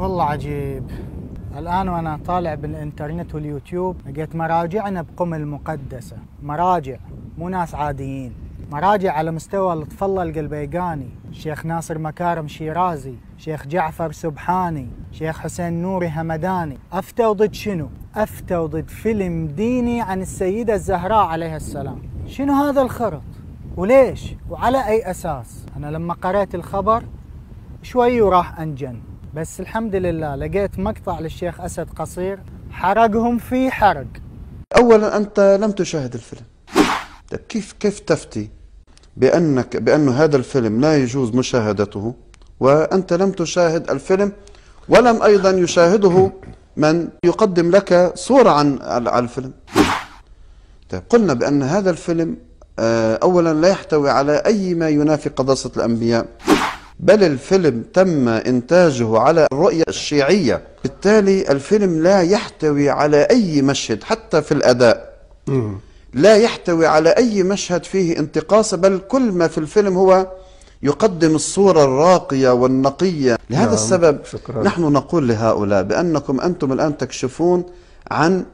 والله عجيب الآن وأنا طالع بالإنترنت واليوتيوب لقيت مراجعنا بقم المقدسة مراجع مو ناس عاديين مراجع على مستوى لطف الله القلبيقاني شيخ ناصر مكارم شيرازي شيخ جعفر سبحاني شيخ حسين نوري همداني أفتوا ضد شنو؟ أفتوا ضد فيلم ديني عن السيدة الزهراء عليها السلام شنو هذا الخرط؟ وليش؟ وعلى أي أساس؟ أنا لما قرأت الخبر شوي وراح أنجنت بس الحمد لله لقيت مقطع للشيخ أسد قصير حرقهم في حرق أولا أنت لم تشاهد الفيلم طيب كيف كيف تفتي بأنك بأن هذا الفيلم لا يجوز مشاهدته وأنت لم تشاهد الفيلم ولم أيضا يشاهده من يقدم لك صورة عن على الفيلم طيب قلنا بأن هذا الفيلم آه، أولا لا يحتوي على أي ما ينافي قداسة الأنبياء بل الفيلم تم إنتاجه على الرؤية الشيعية بالتالي الفيلم لا يحتوي على أي مشهد حتى في الأداء لا يحتوي على أي مشهد فيه انتقاص بل كل ما في الفيلم هو يقدم الصورة الراقية والنقية لهذا نعم. السبب شكرا. نحن نقول لهؤلاء بأنكم أنتم الآن تكشفون عن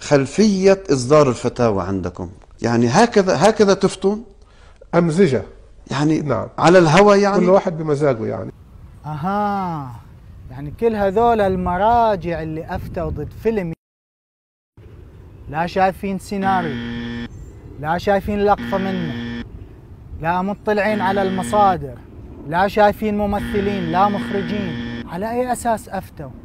خلفية إصدار الفتاوى عندكم يعني هكذا هكذا تفتون أمزجة يعني نعم. على الهوى يعني كل واحد بمزاجه يعني اها يعني كل هذول المراجع اللي افتوا ضد فيلم لا شايفين سيناريو لا شايفين لقطة منه لا مطلعين على المصادر لا شايفين ممثلين لا مخرجين على اي اساس افتوا